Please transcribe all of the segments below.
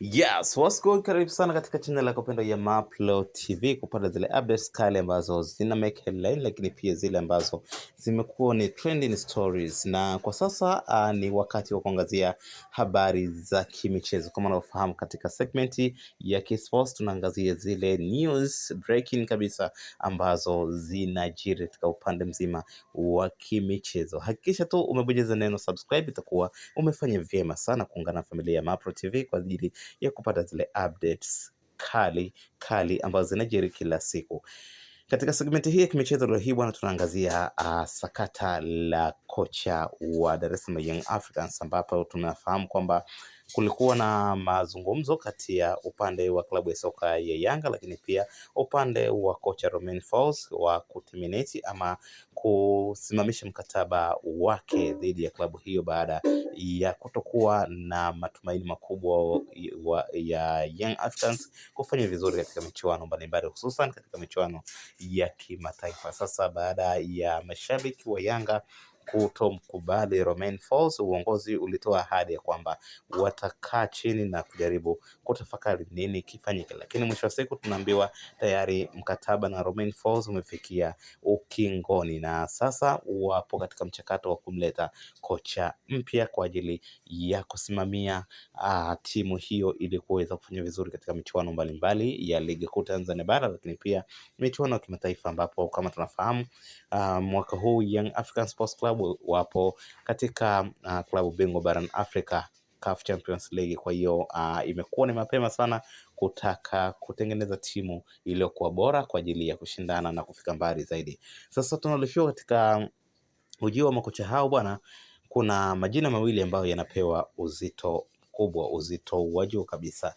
Yes, what's good? Karibu sana katika channel yako pendwa ya Mapro TV kupata zile updates kali ambazo zina make headline, lakini pia zile ambazo zimekuwa ni trending stories, na kwa sasa uh, ni wakati wa kuangazia habari za kimichezo. Kama unavyofahamu, katika segment ya Kisports tunaangazia zile news breaking kabisa ambazo zinajiri katika upande mzima wa kimichezo. Hakikisha tu umebonyeza neno subscribe, itakuwa umefanya vyema sana kuungana na familia ya Mapro TV kwa ajili ya kupata zile updates kali kali ambazo zinajiri kila siku. Katika segmenti hii ya kimichezo leo hii bwana, tunaangazia uh, sakata la kocha wa Dar es Salaam Young Africans ambapo tunafahamu kwamba kulikuwa na mazungumzo kati ya upande wa klabu ya soka ya Yanga, lakini pia upande wa kocha Romain Folz wa kutiminiti ama kusimamisha mkataba wake dhidi ya klabu hiyo baada ya kutokuwa na matumaini makubwa ya Young Africans kufanya vizuri katika michuano mbalimbali hususan katika michuano ya kimataifa. Sasa baada ya mashabiki wa Yanga kutomkubali Romain Folz, uongozi ulitoa ahadi ya kwamba watakaa chini na kujaribu kutafakari nini kifanyike, lakini mwisho wa siku tunaambiwa tayari mkataba na Romain Folz umefikia ukingoni na sasa wapo katika mchakato wa kumleta kocha mpya kwa ajili ya kusimamia uh, timu hiyo ili kuweza kufanya vizuri katika michuano mbalimbali ya ligi kuu Tanzania bara, lakini pia michuano ya kimataifa ambapo kama tunafahamu uh, mwaka huu Young African Sports Club sababu wapo katika uh, klabu bingwa barani Afrika CAF Champions League. Kwa hiyo uh, imekuwa ni mapema sana kutaka kutengeneza timu iliyokuwa bora kwa ajili ya kushindana na kufika mbali zaidi. Sasa tunalifiwa katika mm, ujio wa makocha hao bwana, kuna majina mawili ambayo yanapewa uzito mkubwa, uzito wa juu kabisa.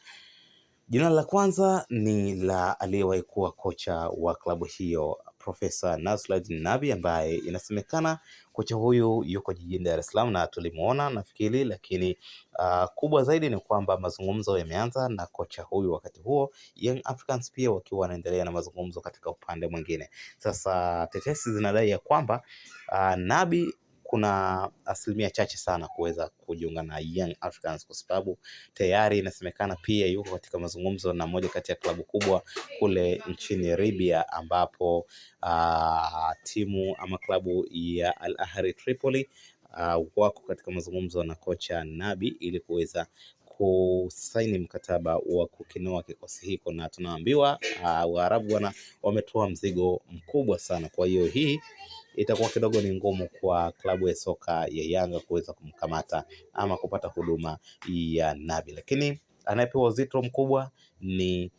Jina la kwanza ni la aliyewahi kuwa kocha wa klabu hiyo Profesa Nasrat Nabi ambaye inasemekana kocha huyu yuko jijini Dar es Salaam na tulimuona nafikiri, lakini uh, kubwa zaidi ni kwamba mazungumzo yameanza na kocha huyu, wakati huo Young Africans pia wakiwa wanaendelea na mazungumzo katika upande mwingine. Sasa tetesi zinadai ya kwamba uh, Nabi kuna asilimia chache sana kuweza kujiunga na Young Africans kwa sababu tayari inasemekana pia yuko katika mazungumzo na moja kati ya klabu kubwa kule nchini Libya, ambapo uh, timu ama klabu ya Al Ahly Tripoli uh, wako katika mazungumzo na kocha Nabi ili kuweza kusaini mkataba wa kukinoa kikosi hiko, na tunaambiwa uh, Waarabu wana wametoa mzigo mkubwa sana. Kwa hiyo hii itakuwa kidogo ni ngumu kwa klabu ya soka ya Yanga kuweza kumkamata ama kupata huduma ya Nabi, lakini anayepewa uzito mkubwa ni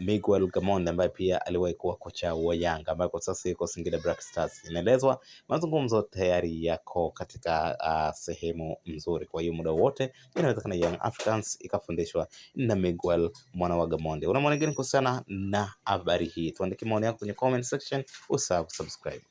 Miguel Gamonde ambaye pia aliwahi kuwa kocha wa Yanga ambaye kwa sasa yuko Singida Black Stars. Inaelezwa mazungumzo tayari yako katika uh, sehemu nzuri, kwa hiyo muda wote inawezekana Young Africans ikafundishwa na Miguel mwana wa Gamonde. Una maoni gani kuhusiana na habari hii? Tuandike maoni yako kwenye comment section, usahau kusubscribe.